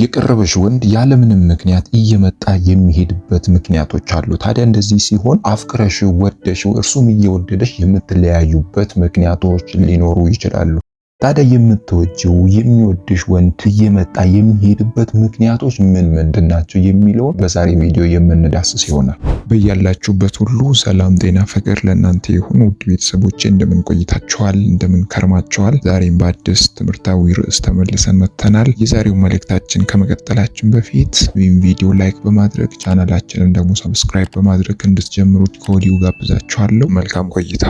የቀረበሽ ወንድ ያለምንም ምክንያት እየመጣ የሚሄድበት ምክንያቶች አሉ። ታዲያ እንደዚህ ሲሆን አፍቅረሽ ወደሽ እርሱም እየወደደሽ የምትለያዩበት ምክንያቶች ሊኖሩ ይችላሉ። ታዲያ የምትወጂው የሚወድሽ ወንድ እየመጣ የሚሄድበት ምክንያቶች ምን ምንድን ናቸው የሚለውን በዛሬ ቪዲዮ የምንዳስስ ይሆናል። በያላችሁበት ሁሉ ሰላም፣ ጤና፣ ፍቅር ለእናንተ የሆኑ ውድ ቤተሰቦቼ እንደምን ቆይታችኋል? እንደምን ከርማችኋል? ዛሬም በአዲስ ትምህርታዊ ርዕስ ተመልሰን መጥተናል። የዛሬው መልእክታችን ከመቀጠላችን በፊት ወይም ቪዲዮ ላይክ በማድረግ ቻናላችንን ደግሞ ሰብስክራይብ በማድረግ እንድትጀምሩት ከወዲሁ ጋብዛችኋለሁ። መልካም ቆይታ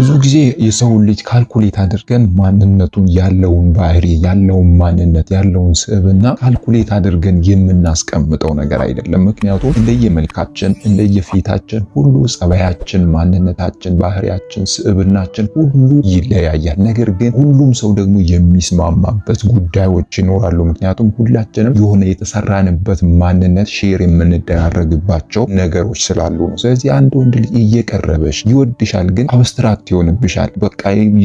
ብዙ ጊዜ የሰው ልጅ ካልኩሌት አድርገን ማንነቱን ያለውን ባህሪ ያለውን ማንነት ያለውን ስብዕና ካልኩሌት አድርገን የምናስቀምጠው ነገር አይደለም። ምክንያቱም እንደየመልካችን እንደየፊታችን ሁሉ ጸባያችን፣ ማንነታችን፣ ባህሪያችን፣ ስብዕናችን ሁሉ ይለያያል። ነገር ግን ሁሉም ሰው ደግሞ የሚስማማበት ጉዳዮች ይኖራሉ። ምክንያቱም ሁላችንም የሆነ የተሰራንበት ማንነት ሼር የምንደራረግባቸው ነገሮች ስላሉ ነው። ስለዚህ አንድ ወንድ ልጅ እየቀረበሽ ይወድሻል፣ ግን አብስትራክት ይሆንብሻል። በቃ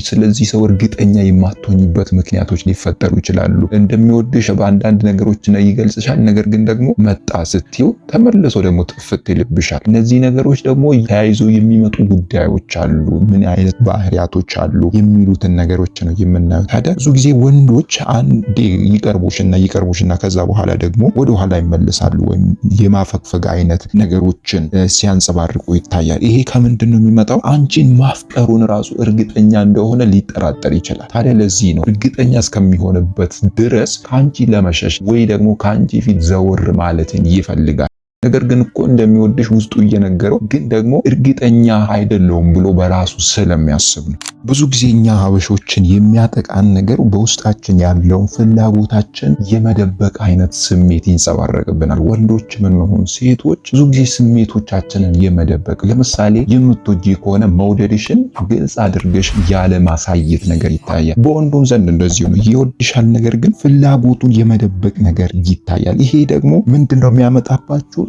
ስለዚህ ሰው እርግጠኛ የማትሆኝበት ምክንያቶች ሊፈጠሩ ይችላሉ። እንደሚወድሽ በአንዳንድ ነገሮች ይገልጽሻል። ነገር ግን ደግሞ መጣ ስትዩ ተመልሶ ደግሞ ጥፍት ይልብሻል። እነዚህ ነገሮች ደግሞ ተያይዞ የሚመጡ ጉዳዮች አሉ። ምን አይነት ባህሪያቶች አሉ የሚሉትን ነገሮች ነው የምናየው። ታዲያ ብዙ ጊዜ ወንዶች አንዴ ይቀርቡሽና ይቀርቡሽና ከዛ በኋላ ደግሞ ወደኋላ ይመለሳሉ ወይም የማፈግፈግ አይነት ነገሮችን ሲያንጸባርቁ ይታያል። ይሄ ከምንድን ነው የሚመጣው? አንቺን ማፍቀሩ መሆኑን ራሱ እርግጠኛ እንደሆነ ሊጠራጠር ይችላል። ታዲያ ለዚህ ነው እርግጠኛ እስከሚሆንበት ድረስ ከአንቺ ለመሸሽ ወይ ደግሞ ከአንቺ ፊት ዘወር ማለትን ይፈልጋል። ነገር ግን እኮ እንደሚወድሽ ውስጡ እየነገረው ግን ደግሞ እርግጠኛ አይደለውም ብሎ በራሱ ስለሚያስብ ነው። ብዙ ጊዜ እኛ ሀበሾችን የሚያጠቃን ነገር በውስጣችን ያለውን ፍላጎታችን የመደበቅ አይነት ስሜት ይንጸባረቅብናል። ወንዶች ምንሆን ሴቶች ብዙ ጊዜ ስሜቶቻችንን የመደበቅ ለምሳሌ የምትወጂ ከሆነ መውደድሽን ግልጽ አድርገሽ ያለ ማሳየት ነገር ይታያል። በወንዱም ዘንድ እንደዚሁ ነው። ይወድሻል፣ ነገር ግን ፍላጎቱን የመደበቅ ነገር ይታያል። ይሄ ደግሞ ምንድን ነው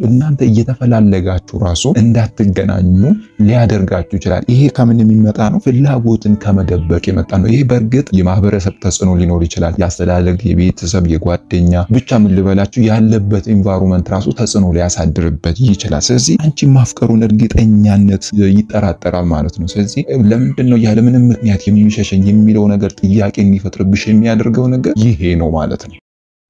እናንተ እየተፈላለጋችሁ ራሱ እንዳትገናኙ ሊያደርጋችሁ ይችላል። ይሄ ከምን የሚመጣ ነው? ፍላጎትን ከመደበቅ የመጣ ነው። ይሄ በእርግጥ የማህበረሰብ ተጽዕኖ ሊኖር ይችላል። የአስተዳደግ፣ የቤተሰብ፣ የጓደኛ ብቻ ምን ልበላችሁ ያለበት ኢንቫይሮመንት ራሱ ተጽዕኖ ሊያሳድርበት ይችላል። ስለዚህ አንቺ ማፍቀሩን እርግጠኛነት ይጠራጠራል ማለት ነው። ስለዚህ ለምንድን ነው ያለምንም ምክንያት የሚሸሸኝ የሚለው ነገር ጥያቄ የሚፈጥርብሽ የሚያደርገው ነገር ይሄ ነው ማለት ነው።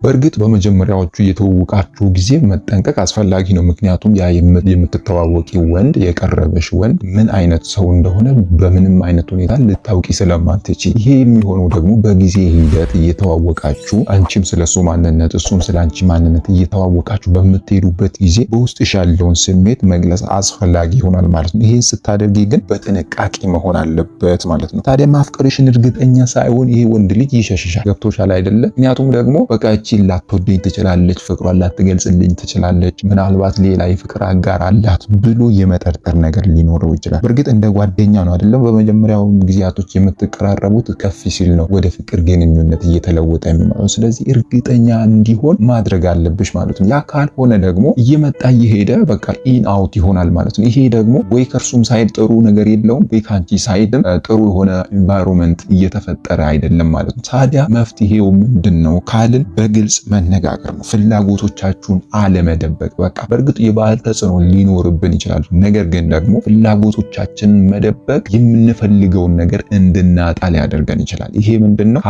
በእርግጥ በመጀመሪያዎቹ የተዋወቃችሁ ጊዜ መጠንቀቅ አስፈላጊ ነው። ምክንያቱም ያ የምትተዋወቂ ወንድ የቀረበሽ ወንድ ምን አይነት ሰው እንደሆነ በምንም አይነት ሁኔታ ልታውቂ ስለማትች፣ ይሄ የሚሆነው ደግሞ በጊዜ ሂደት እየተዋወቃችሁ አንቺም ስለሱ ማንነት እሱም ስለ አንቺ ማንነት እየተዋወቃችሁ በምትሄዱበት ጊዜ በውስጥሽ ያለውን ስሜት መግለጽ አስፈላጊ ይሆናል ማለት ነው። ይሄን ስታደርጊ ግን በጥንቃቄ መሆን አለበት ማለት ነው። ታዲያ ማፍቀርሽን እርግጠኛ ሳይሆን ይሄ ወንድ ልጅ ይሸሽሻል። ገብቶሻል አይደለም? ምክንያቱም ደግሞ በቃ አንቺን ላትወደኝ ትችላለች፣ ፍቅሯን ላትገልጽልኝ ትችላለች፣ ምናልባት ሌላ የፍቅር አጋር አላት ብሎ የመጠርጠር ነገር ሊኖረው ይችላል። በእርግጥ እንደ ጓደኛ ነው አይደለም። በመጀመሪያው ጊዜያቶች የምትቀራረቡት ከፍ ሲል ነው ወደ ፍቅር ግንኙነት እየተለወጠ የሚመጣው። ስለዚህ እርግጠኛ እንዲሆን ማድረግ አለብሽ ማለት ነው። ያ ካልሆነ ደግሞ እየመጣ እየሄደ በቃ ኢን አውት ይሆናል ማለት ነው። ይሄ ደግሞ ወይ ከእርሱም ሳይድ ጥሩ ነገር የለውም ወይ ከአንቺ ሳይድም ጥሩ የሆነ ኢንቫይሮንመንት እየተፈጠረ አይደለም ማለት ነው። ታዲያ መፍትሄው ምንድን ነው ካልን በግ በግልጽ መነጋገር ነው። ፍላጎቶቻችሁን አለመደበቅ። በቃ በእርግጥ የባህል ተጽዕኖ ሊኖርብን ይችላል። ነገር ግን ደግሞ ፍላጎቶቻችንን መደበቅ የምንፈልገውን ነገር እንድናጣ ሊያደርገን ይችላል። ይሄ ምንድን ነው?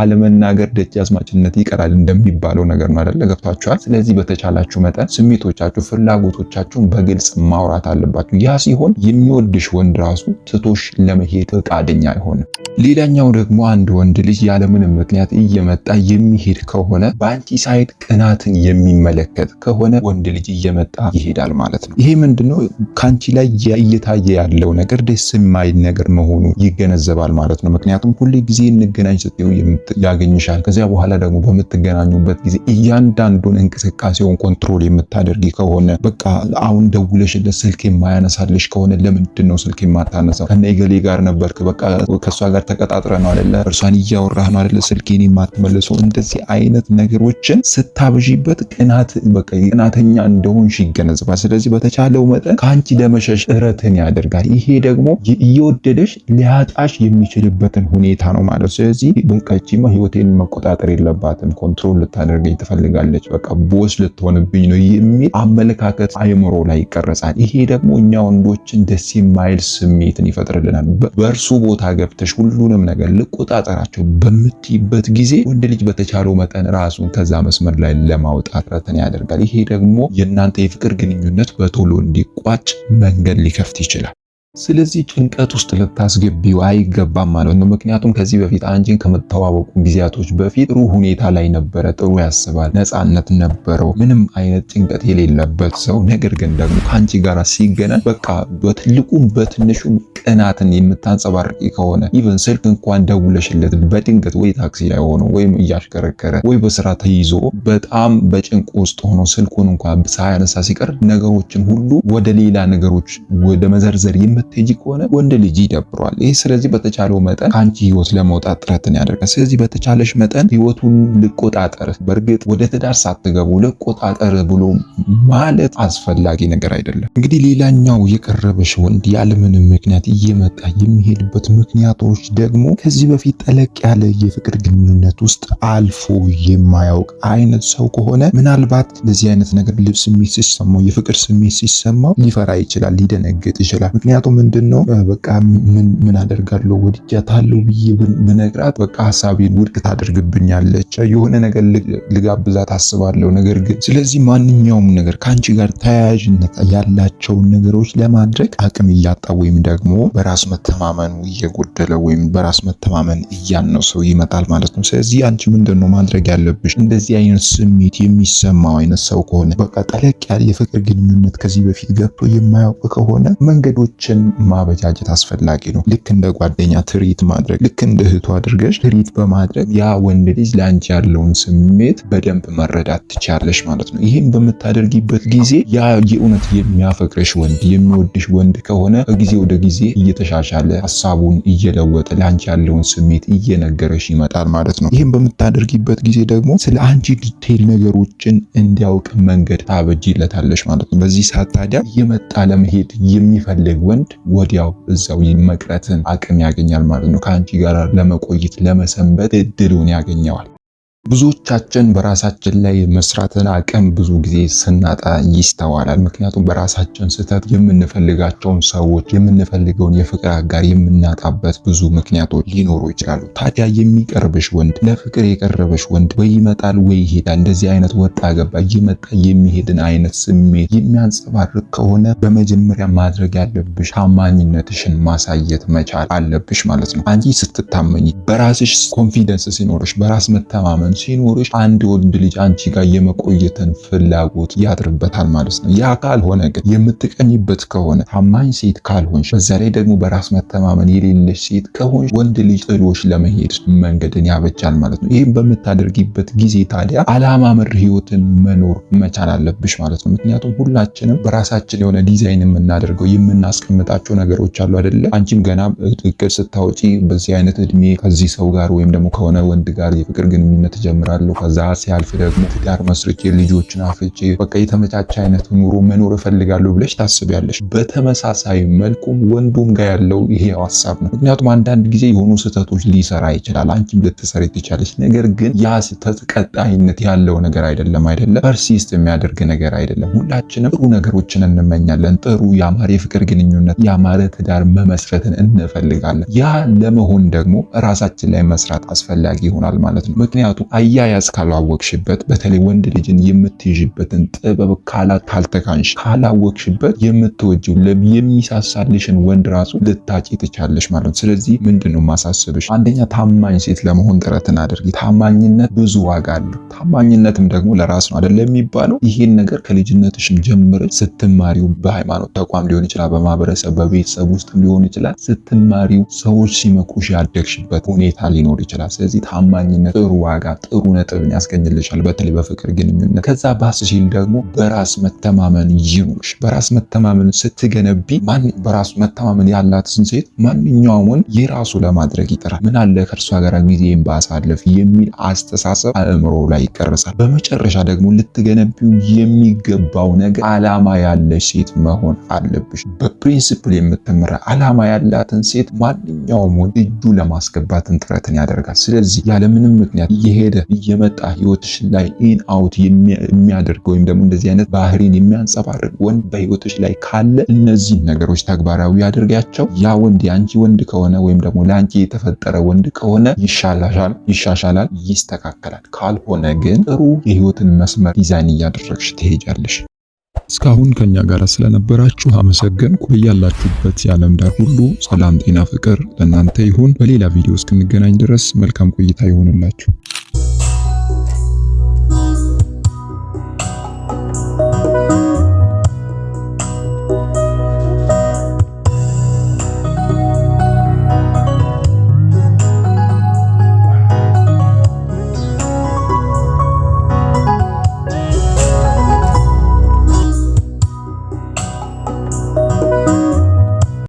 ደጅ ደጃዝማችነት ይቀራል እንደሚባለው ነገር ነው አይደለ? ገብታችኋል? ስለዚህ በተቻላችሁ መጠን ስሜቶቻችሁ፣ ፍላጎቶቻችሁን በግልጽ ማውራት አለባችሁ። ያ ሲሆን የሚወድሽ ወንድ ራሱ ትቶሽ ለመሄድ ፈቃደኛ አይሆንም። ሌላኛው ደግሞ አንድ ወንድ ልጅ ያለምንም ምክንያት እየመጣ የሚሄድ ከሆነ በአንቺ ሲሳይድ ቅናትን የሚመለከት ከሆነ ወንድ ልጅ እየመጣ ይሄዳል ማለት ነው። ይሄ ምንድነው ካንቺ ላይ እየታየ ያለው ነገር ደስ የማይል ነገር መሆኑ ይገነዘባል ማለት ነው። ምክንያቱም ሁሌ ጊዜ እንገናኝ ስትይው ያገኝሻል። ከዚያ በኋላ ደግሞ በምትገናኙበት ጊዜ እያንዳንዱን እንቅስቃሴውን ኮንትሮል የምታደርጊ ከሆነ በቃ አሁን ደውለሽለት ስልክ የማያነሳልሽ ከሆነ ለምንድን ነው ስልክ የማታነሳው? ከነ ገሌ ጋር ነበርክ፣ በቃ ከእሷ ጋር ተቀጣጥረ ነው አደለ? እርሷን እያወራህ ነው አደለ? ስልኬን የማትመልሰው እንደዚህ አይነት ነገሮች ሰዎችን ስታብዥበት ቅናት በቃ ቅናተኛ እንደሆንሽ ይገነዘባል። ስለዚህ በተቻለው መጠን ከአንቺ ለመሸሽ እረትን ያደርጋል። ይሄ ደግሞ እየወደደሽ ሊያጣሽ የሚችልበትን ሁኔታ ነው ማለት። ስለዚህ በቃ እቺማ ህይወቴን መቆጣጠር የለባትም ኮንትሮል ልታደርገኝ ትፈልጋለች፣ በቃ ቦስ ልትሆንብኝ ነው የሚል አመለካከት አይምሮ ላይ ይቀረጻል። ይሄ ደግሞ እኛ ወንዶችን ደስ የማይል ስሜትን ይፈጥርልናል። በእርሱ ቦታ ገብተሽ ሁሉንም ነገር ልቆጣጠራቸው በምትይበት ጊዜ ወንድ ልጅ በተቻለው መጠን ራሱን ከዛ መስመር ላይ ለማውጣት ጥረትን ያደርጋል። ይሄ ደግሞ የእናንተ የፍቅር ግንኙነት በቶሎ እንዲቋጭ መንገድ ሊከፍት ይችላል። ስለዚህ ጭንቀት ውስጥ ልታስገቢው አይገባም ማለት ነው። ምክንያቱም ከዚህ በፊት አንቺን ከመተዋወቁ ጊዜያቶች በፊት ጥሩ ሁኔታ ላይ ነበረ፣ ጥሩ ያስባል፣ ነፃነት ነበረው፣ ምንም አይነት ጭንቀት የሌለበት ሰው። ነገር ግን ደግሞ ከአንቺ ጋር ሲገናኝ በቃ በትልቁም በትንሹም ቅናትን የምታንጸባርቂ ከሆነ ኢቨን ስልክ እንኳን ደውለሽለት በድንገት ወይ ታክሲ ላይ ሆኖ ወይም እያሽከረከረ ወይ በስራ ተይዞ በጣም በጭንቅ ውስጥ ሆኖ ስልኩን እንኳን ሳያነሳ ሲቀር ነገሮችን ሁሉ ወደ ሌላ ነገሮች ወደ መዘርዘር የምት የማትሄጂ ከሆነ ወንድ ልጅ ይደብሯል። ይህ ስለዚህ በተቻለው መጠን ከአንቺ ህይወት ለመውጣት ጥረትን ያደርጋል። ስለዚህ በተቻለሽ መጠን ህይወቱን ልቆጣጠር፣ በእርግጥ ወደ ትዳር ሳትገቡ ልቆጣጠር ብሎ ማለት አስፈላጊ ነገር አይደለም። እንግዲህ ሌላኛው የቀረበሽ ወንድ ያለምንም ምክንያት እየመጣ የሚሄድበት ምክንያቶች ደግሞ ከዚህ በፊት ጠለቅ ያለ የፍቅር ግንኙነት ውስጥ አልፎ የማያውቅ አይነት ሰው ከሆነ ምናልባት እንደዚህ አይነት ነገር ልብ ስሜት ሲሰማው የፍቅር ስሜት ሲሰማው ሊፈራ ይችላል፣ ሊደነግጥ ይችላል። ምክንያቱ ምንድን ነው በቃ ምን ምን አደርጋለሁ ወድጃታለሁ ብዬ ብነግራት በቃ ሀሳቤን ውድቅ ታደርግብኛለች። የሆነ ነገር ልጋብዛት አስባለሁ። ነገር ግን ስለዚህ ማንኛውም ነገር ከአንቺ ጋር ተያያዥነት ያላቸውን ነገሮች ለማድረግ አቅም እያጣ ወይም ደግሞ በራስ መተማመኑ እየጎደለ ወይም በራስ መተማመን እያነሰው ይመጣል ማለት ነው። ስለዚህ አንቺ ምንድን ነው ማድረግ ያለብሽ? እንደዚህ አይነት ስሜት የሚሰማው አይነት ሰው ከሆነ በቃ ጠለቅ ያለ የፍቅር ግንኙነት ከዚህ በፊት ገብቶ የማያውቅ ከሆነ መንገዶችን ቀን ማበጃጀት አስፈላጊ ነው። ልክ እንደ ጓደኛ ትሪት ማድረግ፣ ልክ እንደ እህቱ አድርገሽ ትሪት በማድረግ ያ ወንድ ልጅ ለአንቺ ያለውን ስሜት በደንብ መረዳት ትቻለሽ ማለት ነው። ይህም በምታደርጊበት ጊዜ ያ የእውነት የሚያፈቅረሽ ወንድ የሚወድሽ ወንድ ከሆነ ከጊዜ ወደ ጊዜ እየተሻሻለ ሀሳቡን እየለወጠ ለአንቺ ያለውን ስሜት እየነገረሽ ይመጣል ማለት ነው። ይህም በምታደርጊበት ጊዜ ደግሞ ስለ አንቺ ዲቴል ነገሮችን እንዲያውቅ መንገድ ታበጅለታለሽ ማለት ነው። በዚህ ሰዓት ታዲያ እየመጣ ለመሄድ የሚፈልግ ወንድ ዘንድ ወዲያው እዛው መቅረትን አቅም ያገኛል ማለት ነው። ከአንቺ ጋር ለመቆየት ለመሰንበት እድሉን ያገኘዋል። ብዙዎቻችን በራሳችን ላይ መስራትን አቅም ብዙ ጊዜ ስናጣ ይስተዋላል። ምክንያቱም በራሳችን ስህተት የምንፈልጋቸውን ሰዎች የምንፈልገውን የፍቅር አጋር የምናጣበት ብዙ ምክንያቶች ሊኖሩ ይችላሉ። ታዲያ የሚቀርብሽ ወንድ ለፍቅር የቀረበሽ ወንድ ወይ ይመጣል ወይ ይሄዳል። እንደዚህ አይነት ወጣ ገባ እየመጣ የሚሄድን አይነት ስሜት የሚያንጸባርቅ ከሆነ በመጀመሪያ ማድረግ ያለብሽ ታማኝነትሽን ማሳየት መቻል አለብሽ ማለት ነው። አንቺ ስትታመኝ፣ በራስሽ ኮንፊደንስ ሲኖርሽ፣ በራስ መተማመን ዘመን ሲኖርሽ አንድ ወንድ ልጅ አንቺ ጋር የመቆየትን ፍላጎት ያድርበታል ማለት ነው። ያ ካልሆነ ግን የምትቀኝበት ከሆነ ታማኝ ሴት ካልሆንሽ፣ በዛ ላይ ደግሞ በራስ መተማመን የሌለሽ ሴት ከሆንሽ ወንድ ልጅ ጥሎሽ ለመሄድ መንገድን ያበጃል ማለት ነው። ይህም በምታደርጊበት ጊዜ ታዲያ አላማ መር ህይወትን መኖር መቻል አለብሽ ማለት ነው። ምክንያቱም ሁላችንም በራሳችን የሆነ ዲዛይን የምናደርገው የምናስቀምጣቸው ነገሮች አሉ አይደለ? አንቺም ገና እቅድ ስታወጪ በዚህ አይነት እድሜ ከዚህ ሰው ጋር ወይም ደግሞ ከሆነ ወንድ ጋር የፍቅር ግንኙነት ትጀምራለሁ። ከዛ ሲያልፍ ደግሞ ትዳር መስርቼ ልጆችን አፍርቼ በቃ የተመቻቸ አይነት ኑሮ መኖር እፈልጋለሁ ብለሽ ታስቢያለሽ። በተመሳሳይ መልኩም ወንዱም ጋር ያለው ይሄ ሀሳብ ነው። ምክንያቱም አንዳንድ ጊዜ የሆኑ ስህተቶች ሊሰራ ይችላል፣ አንቺም ልትሰሪ ትችላለች። ነገር ግን ያ ስህተት ቀጣይነት ያለው ነገር አይደለም አይደለም ፐርሲስት የሚያደርግ ነገር አይደለም። ሁላችንም ጥሩ ነገሮችን እንመኛለን። ጥሩ ያማረ የፍቅር ግንኙነት፣ ያማረ ትዳር መመስረትን እንፈልጋለን። ያ ለመሆን ደግሞ ራሳችን ላይ መስራት አስፈላጊ ይሆናል ማለት ነው። ምክንያቱም አያያዝ ካላወቅሽበት፣ በተለይ ወንድ ልጅን የምትይዥበትን ጥበብ ካልተካንሽ ካላወቅሽበት፣ የምትወጂው የሚሳሳልሽን ወንድ ራሱ ልታጭ ትቻለሽ ማለት ነው። ስለዚህ ምንድን ነው ማሳሰብሽ? አንደኛ ታማኝ ሴት ለመሆን ጥረትን አድርጊ። ታማኝነት ብዙ ዋጋ አለው። ታማኝነትም ደግሞ ለራስ ነው አይደለ የሚባለው። ይሄን ነገር ከልጅነትሽም ጀምረሽ ስትማሪው በሃይማኖት ተቋም ሊሆን ይችላል፣ በማህበረሰብ በቤተሰብ ውስጥ ሊሆን ይችላል። ስትማሪው ሰዎች ሲመኩሽ ያደግሽበት ሁኔታ ሊኖር ይችላል። ስለዚህ ታማኝነት ጥሩ ዋጋ ጥሩ ነጥብን ያስገኝልሻል፣ በተለይ በፍቅር ግንኙነት። ከዛ ባስ ሲል ደግሞ በራስ መተማመን ይኑርሽ። በራስ መተማመን ስትገነቢ ማን በራሱ መተማመን ያላትን ሴት ማንኛውምን የራሱ ለማድረግ ይጥራል። ምን አለ ከእርሷ ጋር ጊዜን ባሳለፍ የሚል አስተሳሰብ አእምሮ ላይ ይቀርጻል። በመጨረሻ ደግሞ ልትገነቢው የሚገባው ነገር አላማ ያለሽ ሴት መሆን አለብሽ። በፕሪንስፕል የምትመራ አላማ ያላትን ሴት ማንኛውም እጁ ለማስገባትን ጥረትን ያደርጋል። ስለዚህ ያለምንም ምክንያት ይሄ እየሄደ እየመጣ ህይወትሽ ላይ ኢን አውት የሚያደርግ ወይም ደግሞ እንደዚህ አይነት ባህሪን የሚያንጸባርቅ ወንድ በህይወትሽ ላይ ካለ እነዚህን ነገሮች ተግባራዊ ያደርጋቸው። ያ ወንድ የአንቺ ወንድ ከሆነ ወይም ደግሞ ለአንቺ የተፈጠረ ወንድ ከሆነ ይሻሻላል፣ ይስተካከላል። ካልሆነ ግን ጥሩ የህይወትን መስመር ዲዛይን እያደረግሽ ትሄጃለሽ። እስካሁን ከኛ ጋር ስለነበራችሁ አመሰገንኩ። በያላችሁበት የዓለም ዳር ሁሉ ሰላም፣ ጤና፣ ፍቅር ለእናንተ ይሁን። በሌላ ቪዲዮ እስክንገናኝ ድረስ መልካም ቆይታ ይሆንላችሁ።